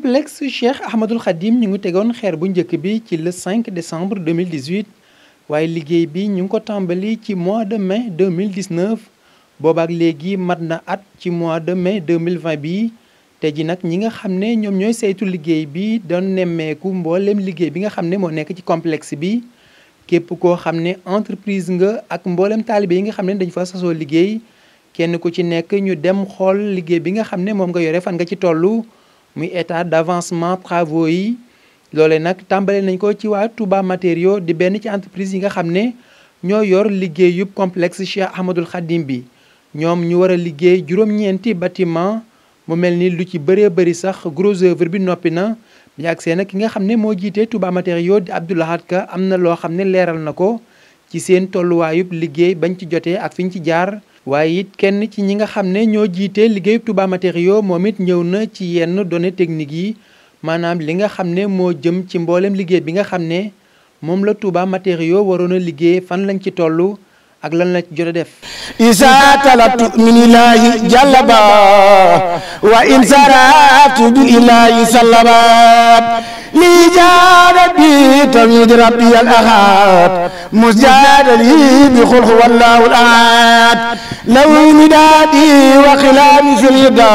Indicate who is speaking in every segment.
Speaker 1: complexe Cheikh Ahmadul Khadim ñu ngi tegoon xeer bu njëkk bi ci le 5 décembre 2018 waaye liggéey bi ñu ngi ko tàmbali ci mois de mai 2019 boobaak léegi mat na at ci mois de mai 2020 bi te ji nag ñi nga xam ne ñoom ñooy saytu liggéey bi doon nemmeeku mboolem liggéey bi nga xam ne moo nekk ci complexe bi képp koo xam ne entreprise nga ak mboolem taalibe yi nga xam ne dañu fa sasoo liggéey kenn ku ci nekk ñu dem xool liggéey bi nga xam ne moom nga yore fan nga ci tollu muy état d' avancement travaux yi loole nag tàmbale nañ ko ci waa Touba Matériaux di benn ci entreprise yi nga xam ne ñoo yor liggéey yub complexe Cheikh Ahmadul Khadim bi ñoom ñu war a liggéey juróom-ñeenti bâtiment mu mel ni lu ci bëree bëri sax gros bi noppi na bi ak seen ki nga xam ne moo jiitee Touba Matériaux di Abdou Lahad Ka am na loo xam ne leeral na ko ci seen tolluwaayub liggéey bañ ci jotee ak fi ñu ci jaar waaye it kenn ci ñi nga xam ne ñoo jiite liggéey Touba matério moom it ñëw na ci yenn données techniques yi maanaam li nga xam ne moo jëm ci mboolem liggéey bi nga xam ne moom la Touba Matériaux waroon a liggéey fan lañ ci toll ak lan la jot a def
Speaker 2: isa talabtu min ilahi jallaba wa in saratu bil ilahi sallaba li jarabi tamid rabbi al ahad musjadali bi khul al ahad law midadi wa khilami fil yada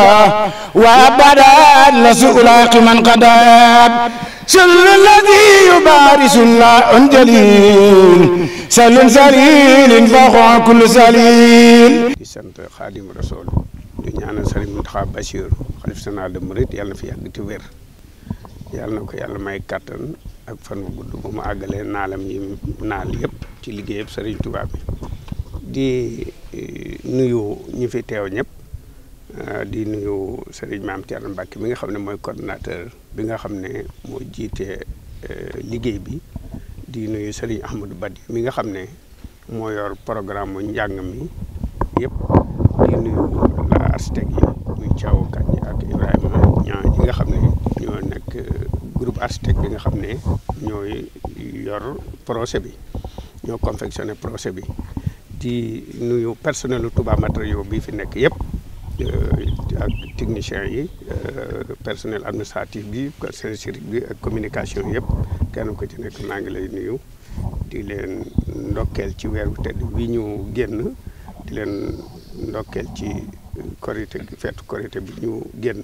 Speaker 2: wa abada la su'laqi man qadab سل الذي يبارس الله جليل سل سليل فخو كل سليل di sant Xaadimu Rasuul di ñaanal Sëriñ Muntaxa Basiiru xalif général des mourides yàlla na fi yàgg te wér yàlla na ko yàlla may kàttan ak fan bu gudd bu mu àggalee naalam yi naal yëpp ci liggéeyam Sëriñ Tuubaa bi di nuyu ñi fi teew ñëpp Euh, di nuyu Serigne Maam Thierno Mbacke mi nga xam ne mooy coordonnateur bi nga xam ne moo jiite euh, liggéey bi di nuyu Serigne Ahmadou Badi mi nga xam ne moo yor programme mu njàng mi yëpp di nuyu la architecte yi muy Thiaw Kandji ak Ibrahima ñaa ñi nga xam ne ñoo nekk euh, groupe architecte bi nga xam ne ñooy yor projet bi ñoo confectionné projet bi di nuyu personnel Touba Matériaux bi fi nekk yëpp. techniciens yi euh, personnel administratif bi service civique bi ak communication yëpp kenn ko ci nekk maa ngi lay nuyu di leen ndokkeel ci weer bu tedd bi ñu génn di leen ndokkeel ci korité feetu korité bi ñu génn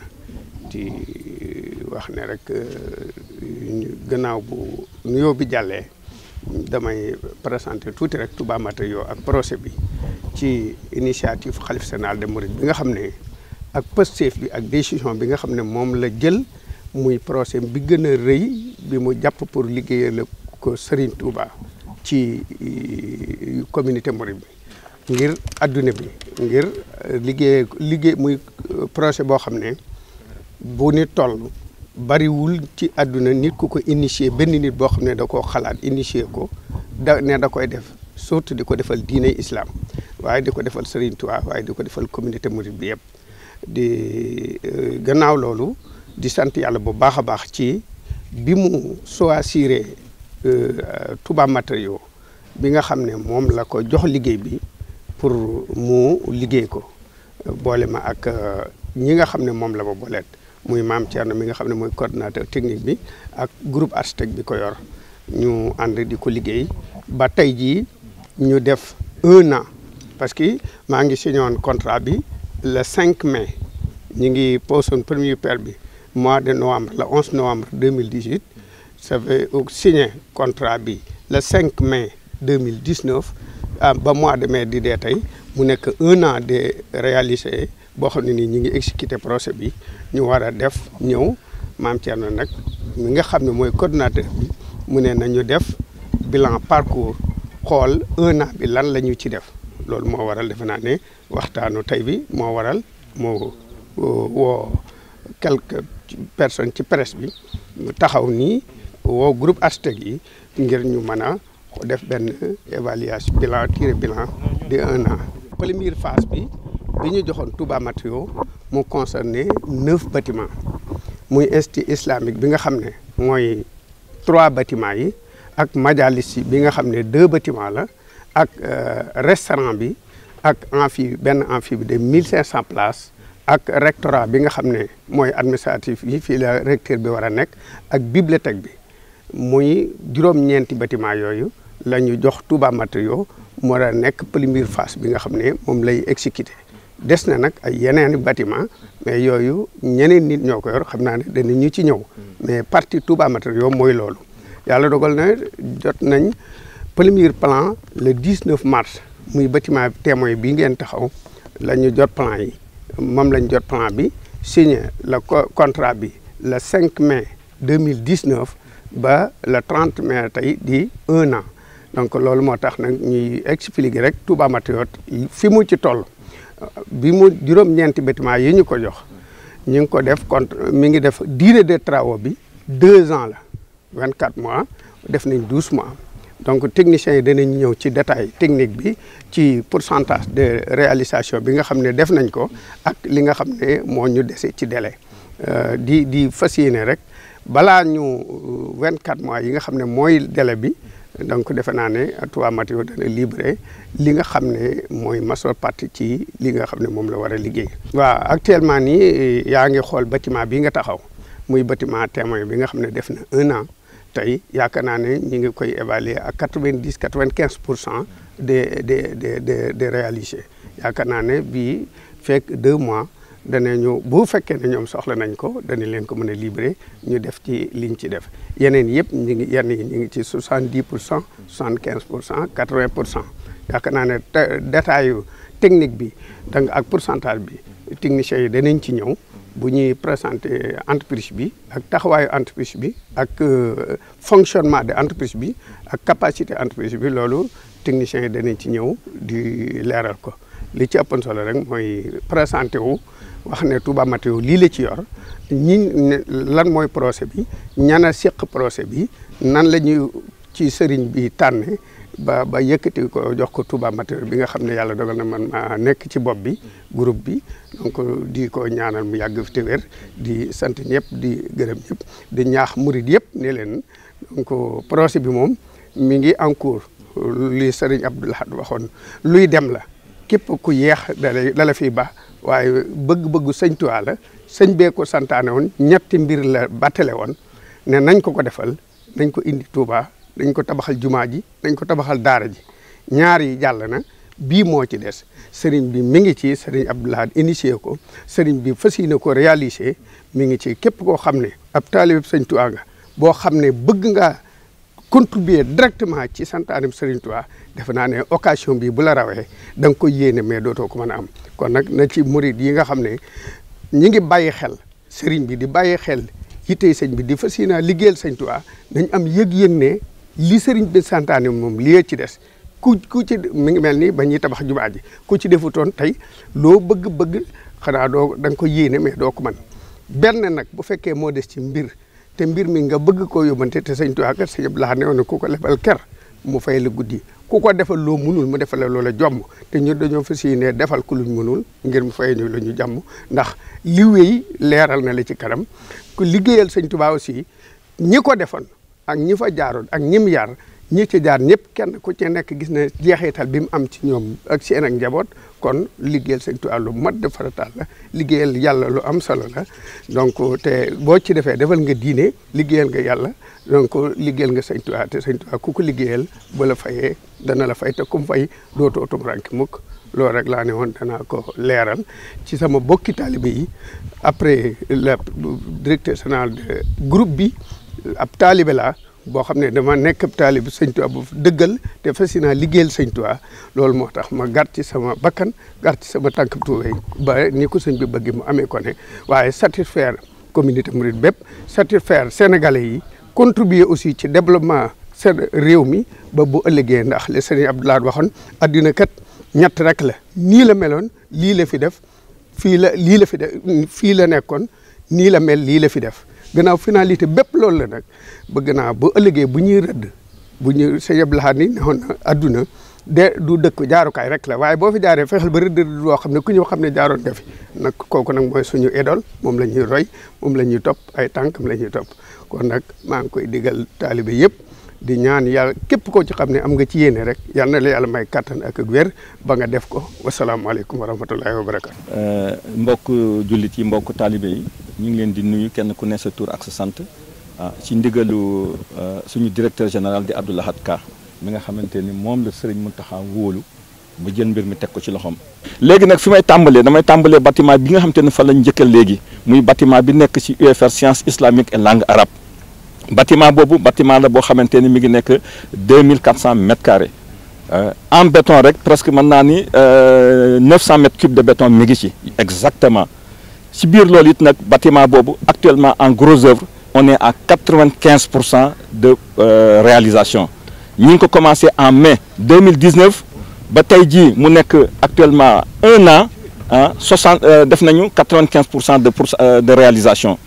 Speaker 2: di euh, wax ne rek euh, gannaaw bu nuyoo bi jàllee damay présenté tuuti rek Touba Matayo ak procès bi ci initiative xalif général des bi nga xam ne ak Pastef bi ak décision bi nga xam ne moom la jël muy procès bi gën a rëy bi mu jàpp pour liggéeyal ko Serigne Touba ci euh, communauté mouride bi ngir àdduna bi ngir liggéey liggéey muy euh, projet boo xam ne bu ni toll bariwul ci adduna nit ku ko initié benn nit boo xam ne da koo xalaat initié ko da ne da koy def surtout di ko defal diine islaam waaye di ko defal Serigne Touba waaye di ko defal communauté mouride bi yëpp. di euh, gannaaw loolu di sant yàlla bu baax a baax ci bi mu choisir euh, Touba Matériaux bi nga xam ne moom la ko jox liggéey bi pour mu liggéey ko boole ma ak euh, ñi nga xam ne moom la ma booleet muy maam Thierno mi nga xam ne mooy coordinateur technique bi ak groupe architecte bi ko yor ñu ànd di ko liggéey ba tey jii ñu def un an parce que maa ngi signé woon contrat bi le 5 mai ñu ngi posoon premier pierre bi mois de novembre le 11 novembre 2018 ça fait signé contrat bi le 5 mai 2019 ah, ba mois de mais di dee tey mu nekk un an de réalisé boo xam ne nii ñu ngi exécuté procès bi ñu war a def ñëw maam na nag mi nga xam ne mooy coordonnateur bi mu ne nañu def bilan parcours xool un an bi lan la ñu ci def loolu moo waral defe naa ne waxtaanu tey bi moo waral moo woo quelques personnes ci presse bi taxaw nii woo groupe Astec yi ngir ñu mën a def benn évaluation bilan tiré bilan de un an. première phase bi bi ñu joxoon Touba Matériaux mu concerné neuf bâtiments muy institut islamique bi nga xam ne mooy trois bâtiments yi ak majalis yi bi nga xam ne deux bâtiments la. ak euh, restaurant bi ak amphi benn amphi bi de 1500 place ak rectorat bi nga xam ne mooy administratif yi fii la recteur bi war a nekk ak bibliothèque bi muy juróom-ñeenti bâtiment yooyu la ñu jox Touba Matériaux moo nekk première phase bi nga xam ne moom lay exécuter des na nag ay yeneeni bâtiment mais yooyu ñeneen nit ñoo ko yor xam naa ne dana ñu ci ñëw hmm. mais partie Touba Matériaux mooy loolu yàlla dogal na jot nañ premier plan le 19 mars muy bâtiment témoin bii ngeen taxaw la ñu jot plan yi mam lañ jot plan bi signé le contrat bi le 5 mai 2019 ba le 30 mai tey di un an donc loolu moo tax nag ñuy expliquer rek Touba Matriote fi mu ci toll bi mu juróom-ñeenti bâtiment yi ñu ko jox ñu ngi ko def contre mi ngi def durée de travaux bi deux ans la vingt quatre mois def nañ douze mois donc techniciens yi danañ ñëw ci détail technique bi ci pour pourcentage de réalisation bi nga xam ne def nañ ko ak li nga xam ne moo ñu dese ci délai euh, di di fas yéene rek balaa ñu 24 euh, mois yi nga xam ne mooy délai bi donc defe naa ne Touba Matériaux dana libéré li nga xam ne mooy majeure partie ci li nga xam ne moom la war a liggéey. waaw actuellement nii euh, yaa ngi xool bâtiment bi nga taxaw muy bâtiment témoin bi nga xam ne def na un an. tey yaakaar naa ne ñu ngi koy évaluer à quatre vingt dix quatre vingt quinze pour cent de de de des des réalisés yaakaar naa ne bii fekk deux mois ñu bu fekkee ne ñoom soxla nañ ko danañ leen ko mën a libéré ñu def ci liñ ci def yeneen yëpp ñu ngi yenn yi ñu ngi ci soixante dix pour cent soixante quinze pour cent quatre vingt pour cent yaakaar naa ne détail technique bi danga ak pourcentage bi techniciens yi danañ ci ñëw. bu ñuy présenter entreprise bi ak taxawaayu entreprise bi ak euh, fonctionnement de entreprise bi ak capacité entreprise bi loolu techniciens yi danañ ci ñëw di leeral ko li ci ëppoon rek mooy présenter wu wax ne Touba Matériaux lii la ci yor ñi lan mooy procès bi ñana seq procès bi nan la ñuy ci sëriñ bi tànne ba ba yëkkati ko jox ko Touba Matériel bi nga xam ne yàlla dogal na man ma nekk ci bopp bi groupe bi donc di ko ñaanal mu yàgg fi te wér di sant ñëpp di gërëm ñëpp di ñaax murid yëpp ne leen donc projet bi moom mi ngi en cours li Serigne Abdou Lahad waxoon luy dem la képp ku yeex dala dala fiy waaye bëgg-bëggu sëñ Tuubaa la sëñ bee ko santaane woon ñetti mbir la battale woon ne nañ ko ko defal nañ ko indi Touba dañ ko tabaxal jumaa ji dañ ko tabaxal daara ji ñaari yi jàll na bii moo ci des sëriñ bi mi ngi ci sëriñ Abdoul Ahad initié ko sëriñ bi fas yéene ko réalisé mi ngi ci képp koo xam ne ab taalib sëñ a nga boo xam ne bëgg nga contribuer directement ci santaanim sëriñ Tuubaa defe naa ne occasion bi bu la rawee da nga koy yéene mais dootoo ko mën a am kon nag na ci murid yi nga xam ne ñi ngi bàyyi xel sëriñ bi di bàyyi xel yittey sëñ bi di fas yéene liggéeyal sëñ Tuubaa dañ am yëg-yëg li sëriñ bi santaane moom li ci des ku ku ci mi ngi mel ni ba ñuy tabax jubaa ji ku ci defutoon tey loo bëgg-bëgg xanaa doo dang nga ko yéene mais doo ko man benn nag bu fekkee moo des ci mbir te mbir mi nga bëgg koo yóbbante te sëñ Tuubaa kat sëñ Abdu Lahad ne woon ku ko lebal ker mu fay la guddi ku ko defal loo munul mu defal la jomm te ñun dañoo fas yéene defal ku luñ munul ngir mu fay ñu la ñu jàmm ndax li leeral na la ci kanam ku liggéeyal sëñ Tuubaa aussi ñi ko defoon ak ñi fa jaaroon ak ñim yar ñi ci jaar ñëpp kenn ku ci nekk gis na jeexital bi mu am ci ñoom ak seen ak njaboot kon liggéeyal Sëñ Tuubaa lu mat de farataal la liggéeyal yàlla lu am solo la donc te boo ci defee defal nga diine liggéeyal nga yàlla donc liggéeyal nga Sëñ Tuubaa te ku ko liggéeyal bu la fayee dana la fay te kum fay dootoo tum ranki mukk loolu rek laa ne woon danaa ko leeral ci sama bokki taalibe yi après le directeur général de groupe bi ab taalibe la boo xam ne dama nekk ab taalibe sëñ Tuubaa bu dëggal te fas naa liggéeyal sëñ Tuubaa loolu moo tax ma gàtt ci sama bakkan gàtt ci sama tànk tuubéy ba ni ko sëñ bi bëgg mu amee ko ne waaye satisfaire communauté mouride bépp satisfaire sénégalais yi contribuer aussi ci développement seen réew mi ba bu ëllëgee ndax li sëñ Abdoulaye waxoon adduna kat ñett rek la nii la meloon lii la fi def fii la lii la fi def fii la nekkoon nii la mel lii la fi def gannaaw finalité bépp loolu la nag bëgg naa bu ëllëgee bu ñuy rëdd bu ñuy sa yëb laxaat ni nexoon na adduna de du dëkk jaarukaay rek la waaye boo fi jaaree fexeel ba rëdd rëdd loo xam ne ku ñëw xam ne jaaroon nga fi nag kooku nag suñu idole moom la ñuy roy moom la ñuy topp ay tànkam la ñuy topp kon nag maa ngi koy digal taalibe yëpp di ñaan yàlla képp koo ci xam ne am nga ci yéene rek yal na la yàlla may kattan ak ak ba nga def ko wasalaamaaleykum
Speaker 3: wa rahmatullahi wa barakatu euh, mbokk jullit yi mbokk taalibe yi ñu ngi leen di nuyu kenn ku ne sa tur ak sa sant ah ci ndigalu ah, suñu directeur général di Abdou Lahad Ka mi nga xamante ni moom la Serigne Mountakha wóolu ba jël mbir mi teg ko ci loxoom. léegi nag fi may tàmbalee damay tàmbalee bâtiment bi nga xamante ni fa lañ njëkkal léegi muy bâtiment bi nekk ci UFR sciences islamiques et langue arabe bâtiment boobu bâtiment la boo xamante ni mi ngi nekk 2400 mètres carrés ah, en béton rek presque man naa ni 900 euh, mètres cubes de béton mi ngi ci exactement. ci biir loolu it nag bâtiment boobu actuellement en gros œuvre on est à quatre-vingt-quinze pour cent de euh, réalisation ñi ngi ko commencé en mai deux mille dix-neuf ba tey jii mu nekk actuellement un an ah soixante euh, def nañu quatre-vingt-quinze pour cent de pour euh, de réalisation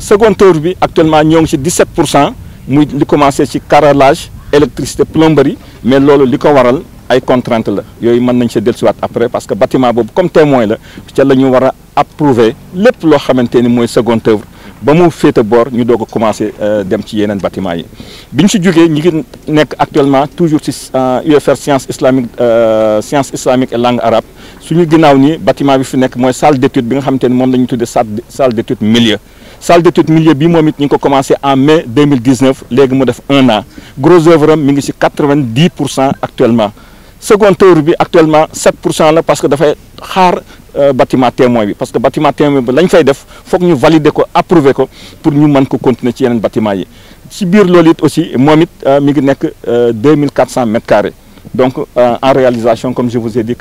Speaker 3: seconde œuvre bi actuellement ñoo ngi ci dix-sept pour cent muy li commencé ci carrelage électricité plomberie mais loolu li ko waral. ay contrainte la yooyu mën nañ sa dellusiwaat après parce que bâtiment boobu comme témoin la ca la ñu war approuver lépp loo xamante ni mooy seconde œuvre ba mu féete boor ñu doog a commencé euh, dem ci yeneen bâtiment yi bi ñu si jógee ñu ngi nekk actuellement toujours ci euh, UFR science islamique euh, science islamique et langue arabe suñu ginnaaw nii bâtiment bi fi nekk mooy salle d'étude bi nga xamante ni moom la ñu tuddee salle d'étude milieu salle d'étude milieu bi moom it ñu ngi ko commencé en mai 2019 léegi mu def un an gros œuvre mi ngi si 90 pour cent actuellement secondaire bi actuellement 7 pour cent la parce que dafay xaar euh, bâtiment témoin bi parce que bâtiment témoin bi lañ fay def foog ñu valider ko approuver ko pour ñu mën ko continuer ci yeneen bâtiment yi ci biir loolu it aussi moom it euh, mi ngi nekk 2400 euh, mètres carrés donc en réalisation comme je vous ai dit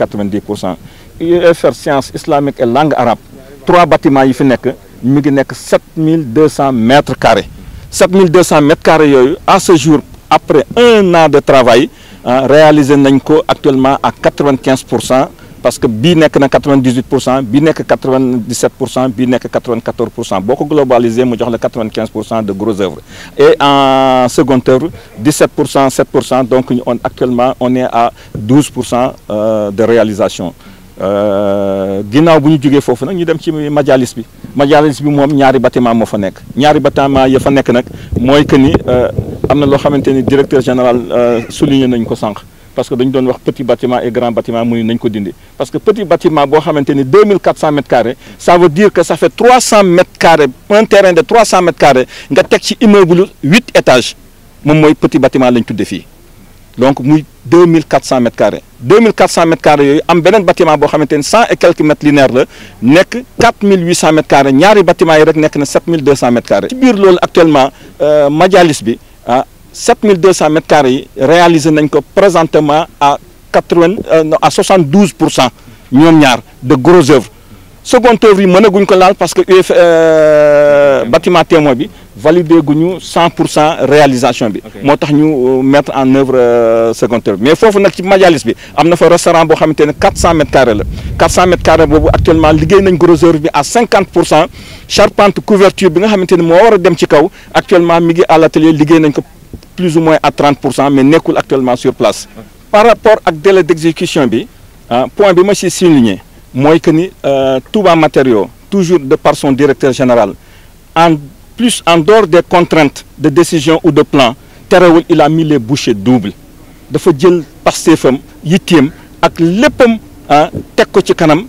Speaker 3: pour cent UFR science islamique et langue arabe trois bâtiments yi fi nekk mi ngi nekk 7200 mètres carrés 7200 mètres carrés yooyu à ce jour après un an de travail Euh, réalisé nañ ko actuellement à quatre-vingt-quinze pour cent parce que bii nekk na quatre-vingt-dix-huit pour cent bii nekk quatre-vingt-dix-sept pour cent bii nekk quatre-vingt-quatorze pour cent boo ko globalisé mu jox la quatre-vingt-quinze pour de gros œuvres et en seconde œuvre pour cent sept pour cent donc on actuellement on est à douze pour cent euh, de réalisation. Euh, ginnaaw bu ñu jógee foofu nag ñu dem ci majalis bi majalis bi moom ñaari bâtiment moo fa nekk ñaari bâtiment ya fa nekk nag mooy que ni. am na loo xamante ni directeur général euh, souligné nañ ko sànq parce que dañu doon wax petit bâtiment et grand bâtiment mu ni nañ ko dindi parce que petit bâtiment boo xamante ni 2400 mètres carrés ça veut dire que ça fait 300 mètres un terrain de 300 mètres nga teg ci immeuble huit étages moom mooy petit bâtiment lañ tuddee fii donc muy 2400 mètres carrés 2400 mètres carrés yooyu am beneen bâtiment boo xamante ni 100 et quelques mètres linéaires la nekk 4800 mètres ñaari bâtiment yi rek nekk na 7200 mètres carrés. ci biir loolu actuellement euh, majalis ah 7200 mètres carrés yi réalisé nañ ko présentement à 80 euh, à 72 pour cent ñoom ñaar de gros œuvres seconde œuvre yi mënaguñ ko laal parce que UF euh, bâtiment témoin bi validé guñu cent pour cent réalisation bi moo tax ñu euh, mettre en œuvre euh, second mais foofu nag ci majalis bi am na fa restaurant boo xamante ne quatre cent mètres carrés la quatre cent mètres carrés boobu actuellement liggéey nañ gros œuvre bi à cinquante pour cent charpente couverture bi nga xamante ne moo war a dem ci kaw actuellement mi ngi à l'atelier liggéey nañ ko plus ou moins à trente pour cent mais nekkul actuellement sur place par rapport ak délai d'exécution bi ah point bi ma si souligné mooy que ni euh, Touba Matériaux toujours de par son général plus en dehors des contraintes de décision ou de plan terewul il a mis les bouchées doubles dafa jël Pastefam yitteem ak léppam ah teg ko ci kanam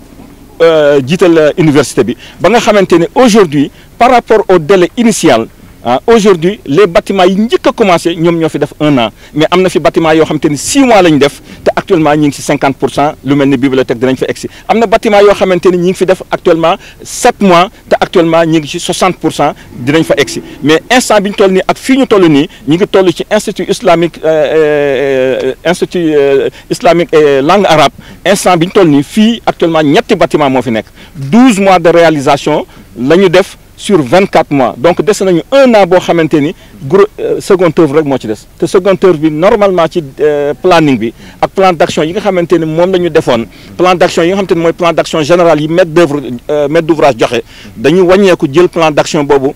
Speaker 3: euh, jiital euh, université bi ba nga xamante ne aujourd'hui par rapport au délai initial ah aujourd'hui le bâtiments yi njëkk a commencé ñoom ñoo fi def un an mais am na fi bâtiment yoo xam te ni six mois la ñu def te actuellement ñi ngi si cinquante pour cent lu mel ni bibliothèque dinañ fa egsi am na bâtiment yoo xamante ni ñi ngi fi def actuellement sept mois te actuellement ñi ngi si soixante pour cent dinañ fa egsi mais instant bi toll nii ak fii toll nii ñi ngi toll ci institut islamique euh, euh, institut euh, islamique et langue arabe instant bi ñu toll nii fii actuellement ñetti bâtiment moo fi nekk douze mois de réalisation la ñu def sur vingt quatre mois donc des nañu un an boo xamante ni gros euh, seconde œuvre rek moo ci des te seconde bi normalement ci euh, planning bi ak plan d' yi nga xamante ni moom la ñu defoon plan d' action yi nga xamante ni mooy plan d' action général yi maître d' œuvre euh, maître joxe dañu wàññeeku jël plan daction action boobu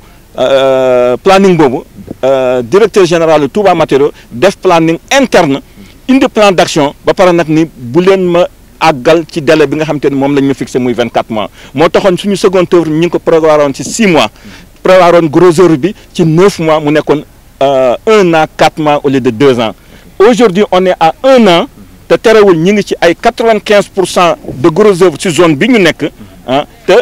Speaker 3: planning boobu directeur général de Touba Matériaux def planning interne indi plan d' ba pare nag ni bu ma. àggal ci délai bi nga xam te ne moom lañ ñu muy vingt 24 mois moo taxoon suñu second œuvre ñu ngi ko prévoir woon ci 6 mois prévoir woon gros œuvre bi ci 9 mois mu nekkoon 1 euh, an 4 mois au lieu de 2 ans aujourd'hui on est à 1 an te terewul ñu ngi ci ay 95 pour cent de gros œuvre ci zone bi ñu nekk ah te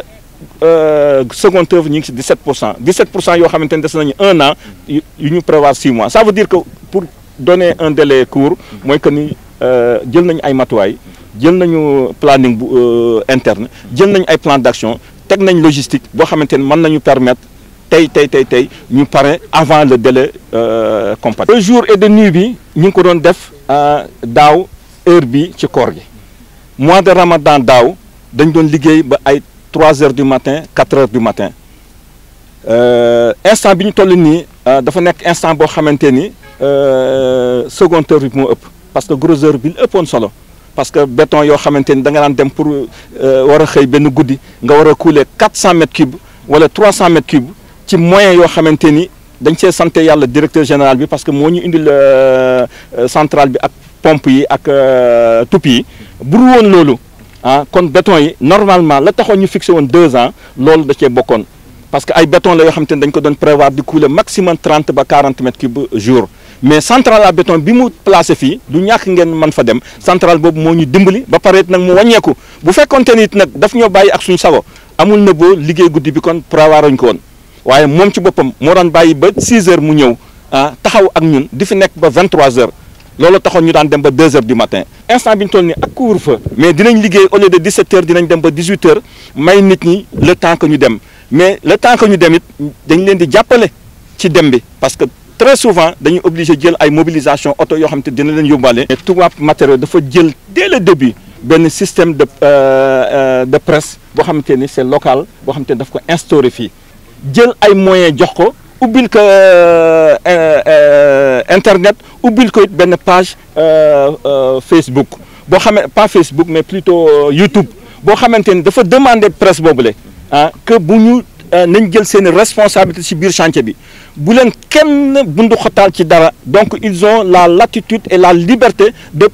Speaker 3: euh, seconde œuvre ñu ngi ci 17 pour cent 17 pour cent yoo xamante ne des nañu 1 an yu ñu prévoir 6 mois ça veut dire que pour donner un délai court mooy que ni euh, jël nañu ay matuwaay. jël nañu planning bu euh, interne jël nañ ay plan d'action teg nañ logistique boo xamante ni mën nañu permettre tey tey tey tey ñu pare avant le délai euh, compatible. le jour et de nuit bi ñu ngi ko doon def euh, daaw heure bi ci koor gi mois de ramadan daaw dañ doon liggéey ba ay trois heures du matin 4 heures du matin instant bi ñu toll nii dafa nekk instant boo xamante ni seconde heure bi moo ëpp parce que grosse heure bi ëppoon solo. parce que béton yoo xamante ni da nga daan dem pour euh, war a xëy benn guddi nga war a couler quatre cent mètres cubes wala trois cent mètres cubes ci moyen yoo xamante ni dañ see sant yàlla directeur général bi parce que moo ñu indil euh, euh, centrale bi ak pompe yi ak tupi yi buru woon loolu ah kon béton yi normalement la taxoon ñu fixé woon deux ans loolu da cee bokkoon parce que ay béton la yoo xamante ni dañ ko doon prévoir di couler maximum trente ba quarante mètres cubes jour mais centrale à béton bi mu placé fii du ñàkk ngeen mën fa dem centrale boobu moo ñu dimbali ba pare nag mu wàññeeku bu fekkonte nit nag daf ñoo bàyyi ak suñu sago amul na boo liggéey guddi bi kon prévoiruñ ko woon waaye moom ci boppam moo daan bàyyi ba 6 heures mu ñëw ah taxaw ak ñun di fi nekk ba 23 heures loolu taxoon ñu daan dem ba 2 heures du matin instant bi ñu toll nii ak couvre-feu mais dinañ liggéey au lieu de 17 heures dinañ dem ba 18 heures nit ñi le temps que ñu dem mais le temps que ñu dem it dañ leen di jàppale ci dem bi parce que très souvent dañuy obligé jël ay mobilisation oto yoo xam te dina leen yóbbaale. mais tubaab matériel dafa jël dès le début benn système de euh, euh, de presse boo xamante ni c'est local boo xamante ni daf ko instauré fii jël ay moyen jox ko ubbil ko euh, internet ubbil ko it benn page Facebook boo xamee pas Facebook mais plutôt YouTube boo xamante ni dafa demander presse boobule ah Euh, nañ jël seen responsabilité ci biir chantier bi bu leen kenn bundu xotaal ci dara donc ils ont la latitude et la liberté de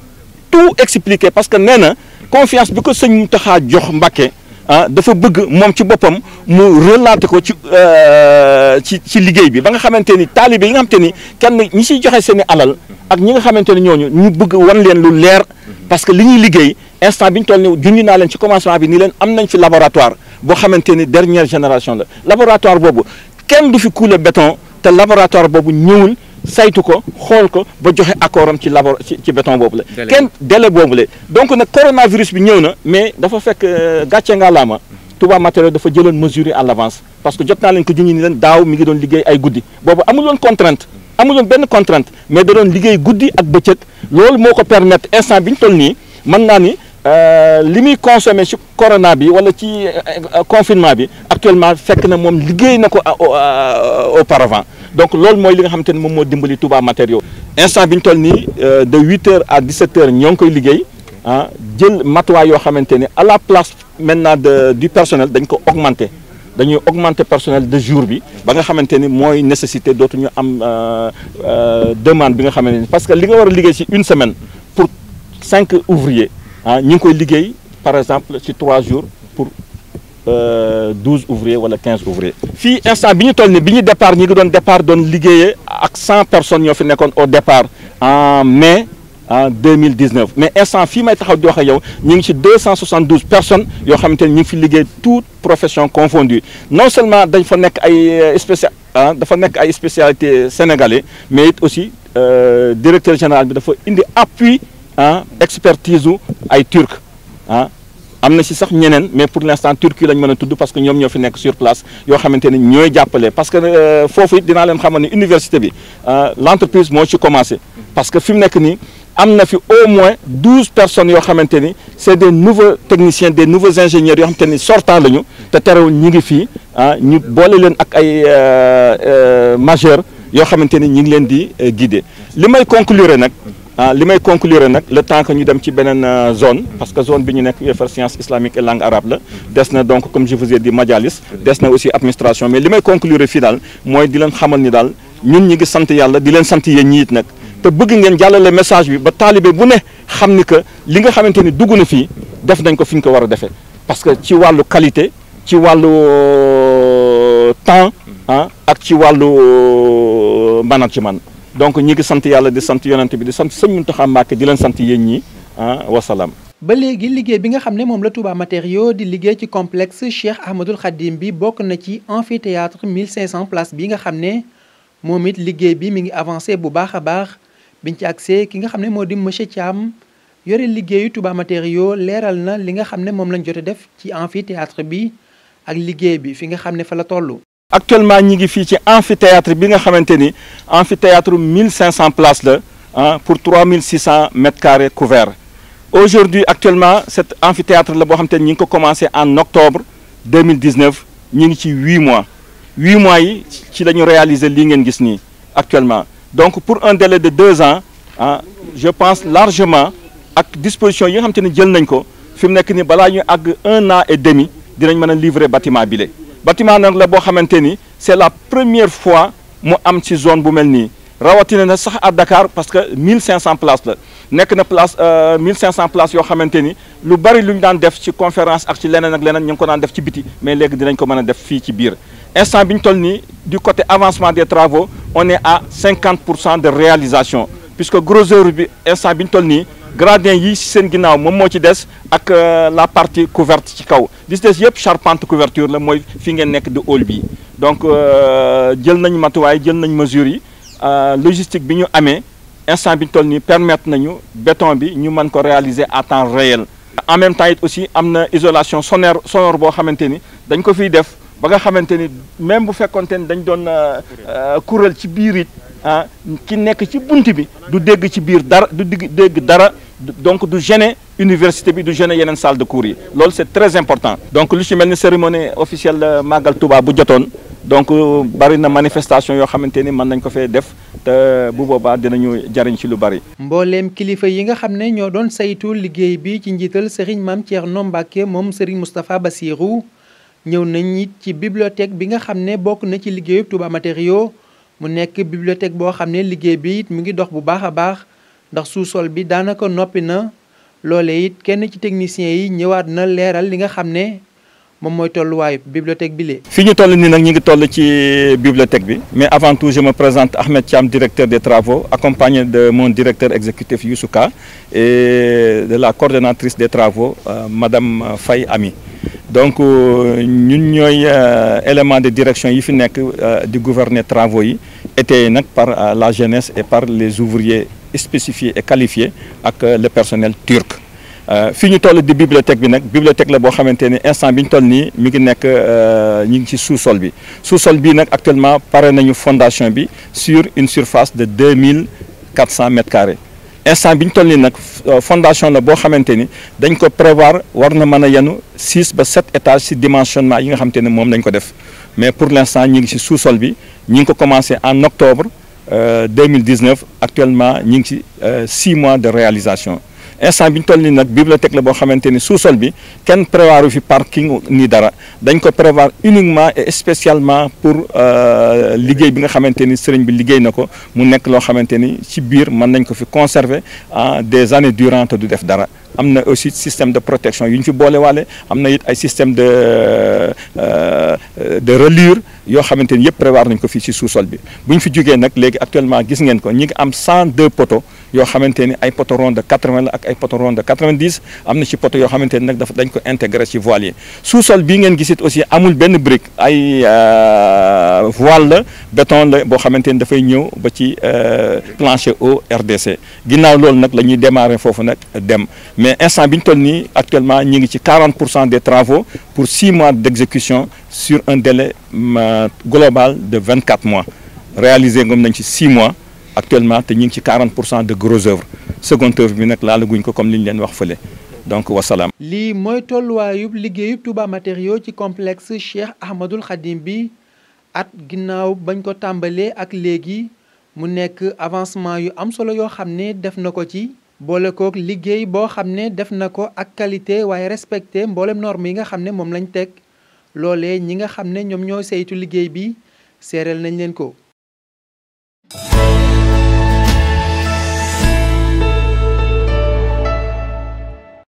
Speaker 3: tout expliquer parce que nee na confiance bi ko sëñ Mountakha jox Mbacké ah dafa bëgg moom ci boppam mu relater ko ci euh, ci ci liggéey bi ba nga xamante ni taalibe yi nga xamante ni kenn ñi siy joxe seen alal ak ñi nga xamante ni ñooñu ñu bëgg wan leen lu leer parce que li ñuy liggéey instant bi ñu toll nii junj naa leen ci commencement bi ni leen am nañ fi laboratoire. boo xamante ni dernière génération la laboratoire boobu kenn du fi kuule béton te laboratoire boobu ñëwul saytu ko xool ko ba joxe accord am ci labo ci ci béton boobu la. kenn dele boobu la donc nag coronavirus bi ñëw na mais dafa fekk euh, gàcce nga laama Touba matériel dafa jëloon mesure yi à l'avance parce que jot naa leen ko junj ni leen daaw mi ngi doon liggéey ay guddi boobu amul woon contrainte. amul benn contrainte mais da doon liggéey guddi ak bëccëg loolu moo ko permettre instant bi ñu toll nii mën naa ni. Euh, li muy consommé ci corona bi wala ci euh, euh, confinement bi actuellement fekk na moom liggéey na ko auparavant donc loolu mooy li nga xamante ni moom moo dimbali Touba matériaux instant bi ñu toll nii de huit heures à dix sept ñoo ngi koy liggéey ah, jël matuwaay yoo xamante ne à la place maintenant de du personnel dañ ko augmenter dañuy augmenter personnel de jour bi ba nga xamante ni mooy nécessité dootuñu am demande bi nga xamante ni parce que li nga war a liggéey si une semaine pour cinq ouvriers ah ñu ngi koy liggéey par exemple ci trois jours pour euh, douze ouvriers wala quinze ouvriers. fii instant bi ñu toll ni bi ñu départ ñi ngi doon départ doon liggéeyee ak cent personnes ñoo fi nekkoon au départ en mai. en 2019 mais instant fii may taxaw di wax ak yow ñu ngi ci 272 personnes yoo xamante ni ñu ngi fi liggéey toute profession confondue non seulement dañ fa nekk ay euh, spécial ah, dafa nekk ay spécialité sénégalais mais it aussi euh, directeur général bi dafa indi appui ah expertise u ay turc ah am na si sax ñeneen mais pour l' instant turki lañ mën a tudd parce que ñoom ñoo fi nekk sur place yoo xamante ni ñooy jàppale parce que euh, foofu it dinaa leen xamal ne université bi euh, l' entreprise moo ci commencé parce que fi mu nekk nii am na fi au moins douze personnes yoo xamante ni est des nouveaux techniciens des nouveaux ingénieurs yoo xamante ni sortant lañu te terewul ñi ngi fii ah ñu boole leen ak ay euh, majeur yoo xamante ni ñi ngi leen di guider li may conclure nag. Ah, li may conclure nag le temps que ñu dem ci beneen euh, zone mm-hmm. parce que zone bi ñu nekk UFR science islamique et langue arabe la des na donc comme je vous ai majalis des na aussi administration mais li may conclure fii daal mooy di leen xamal ni daal ñu ñi ngi sant yàlla di leen sant yéen ñi it nag te bëgg ngeen jàllale message bi ba taalibe bu ne xam ni que li nga xamante ni dugg na fii def nañ ko fi ñu ko war a defee parce que ci wàllu qualité ci wàllu euh, temps mm-hmm. ah ak ci wàllu euh, management donc ñi ngi sant yàlla di sant yonent bi di sant sëñ Muntaxa Mbàkke di leen sant yéen ñi ah wasalaam.
Speaker 1: ba léegi liggéey bi nga xam ne moom la Touba Matériaux di liggéey ci complexe Cheikh Ahmadoul Khadim bi bokk na ci amphithéâtre 1500 places bi nga xam ne moom it liggéey bi mi ngi avancé bu baax a baax biñ ci accès ki nga xam ne moo di monsieur Thiam yore liggéeyu Touba Matériaux leeral na li nga xam ne moom lañ jot a def ci amphithéâtre bi ak liggéey bi fi nga xam ne fa la toll. actuellement
Speaker 3: ñi ngi fii ci amphithéâtre bi nga xamante ni amphithéâtre 1500 places la ah pour 3600 mètres carrés couverts aujourd'hui actuellement cet amphithéâtre la boo xamante ni ñi ngi ko commencé en octobre 2019 ñi ngi ci huit mois huit mois yi ci la ñu réaliser lii ngeen gis nii actuellement donc pour un délai de deux ans ah je pense largement ak disposition yi nga xamante ni jël nañ ko fi mu nekk ni balaa ñu àgg un an et demi dinañ mën a livrer bâtiment bi le bâtiment nag la boo xamante ni c'est la première fois mu am ci zone bu mel nii rawatina na sax a Dakar parce que 1500 places la nekk na place 1500 euh, places yoo xamante ni lu bari lu ñu daan def ci conférence ak ci leneen ak leneen ñu ngi ko naan def ci biti mais léegi dinañ ko mën a def fii ci biir instant bi ñu toll nii du côté avancement des travaux on est à 50 pour cent de réalisation puisque gros œuvre bi instant bi ñu toll nii gradin yi si seen ginnaaw moom moo ci des ak euh, la partie couverte ci kaw li si des yëpp charpente couverture la mooy fi ngeen nekk di hall bi donc euh, jël nañu matuwaay jël nañ mesures yi euh, logistique bi ñu amee instant bi ñu nii permettre nañu beton bi ñu mën ko réaliser à temps réel. en même temps it aussi am na isolation sonore sonore boo xamante ni dañ ko fiy def ba nga xamante ni même bu fekkonte ni dañ doon kuréel ci biir it ah ki nekk ci bunt bi du dégg ci biir dara du dégg dara. donc du gêner université bi du gêner yeneen salle de cours yi loolu c'est très important donc lu ci mel ni cérémonie officielle màggal Touba bu jotoon donc euh, bari na manifestation yoo xamante ni mën nañ ko fee def te bu boobaa dinañu jariñ ci lu bari.
Speaker 1: mbooleem kilifa yi nga xam ne ñoo doon saytu liggéey bi ci njiital Serigne Mame Thierno nombake moom Serigne Moustapha Bassirou ñëw nañ it ci bibliothèque bi nga xam ne bokk na ci liggéeyu tubaa matério mu nekk bibliothèque boo xam ne liggéey bi it mu ngi dox bu baax a baax. ndax sous-sol bi daanaka noppi na loole it kenn ci technicien yi ñëwaat na leeral li nga xam ne moom mooy tolluwaayu bibliothèque bi lee
Speaker 3: fi ñu toll nii nag ñu ngi toll ci bibliothèque bi mais avant tout je me présente Ahmed Thiam directeur des travaux accompagné de mon directeur exécutif Youssou Ka et de la coordonnatrice de travaux euh, madame Faye Ami donc euh, ñun ñooy euh, élément de direction yi fi nekk euh, di gouverner travaux yi été nag par la jeunesse et par les ouvriers spécifié et qualifié ak euh, le personnel turc euh, fii ñu toll di bibliothèque bi nag bibliothèque la boo xamante ni instant bi ñu toll nii mi ngi nekk euh, ñu ngi si sous-sol bi sous bi nag actuellement pare nañu fondation bi sur une surface de deux mille quatre cent mètres carrés instant bi ñu toll nii nag fondation la boo xamante ni dañ ko prévoir war na mën a yenu six ba sept étages si dimensionnement yi nga xam xamante ne moom lañ ko def mais pour l'instant ñu ngi si sous bi ñu 2019 euh, actuellement ñu ngi ci euh, six mois de réalisation instant bi ñu toll nii nag bibliothèque la boo xamante ni sous-sol bi kenn prévoiru fi parking ni dara dañ ko prévoir uniquement et spécialement pour euh, liggéey bi nga xamante ni sëriñ bi liggéey na ko mu nekk loo xamante ni ci biir mën nañ ko fi conserver en des années durant te du def dara. am na aussi système de protection yu ñu fi boolewaale am na it ay système de euh, de relure yoo xamante ni yëpp prévoir nañ ko fii ci sous-sol bi bu ñu fi jugee nag léegi actuellement gis ngeen ko ñi ngi am 102 poteaux yoo xamante ni ay poteau rond de 80 la ak ay poteau rond de 90 am na ci poteau yoo xamante ni nag dafa dañ ko intégré ci voile yi bi sol bii ngeen gisit aussi amul benn brique ay euh, voile la béton la boo xamante ni dafay ñëw ba ci euh, plancher au RDC ginnaaw loolu nag la ñuy démarrer foofu nag dem mais instant bi ñu toll nii actuellement ñu ngi ci 40 pour cent des travaux pour 6 mois d'exécution sur un délai euh, global de vingt 24 mois réalisé ngom nañ ci 6 mois actuellement te ñu ngi ci 40 pour cent de gros œuvre seconde œuvre bi nag laalaguñ ko comme li ñu leen wax fële donc wasalaam.
Speaker 1: lii mooy tolluwaayub liggéeyub Touba matériaux ci complexe Cheikh Ahmadul Khadim bi at ginnaaw bañ ko tàmbalee ak léegi mu nekk avancement yu am solo yoo xam ne def na ko ci. boole kook liggéey boo xam ne def na ko ak qualité waaye respecté mboolem norme yi nga xam ne moom lañ teg loole ñi nga xam ne ñoom ñoo saytu liggéey bi seereel nañ leen ko.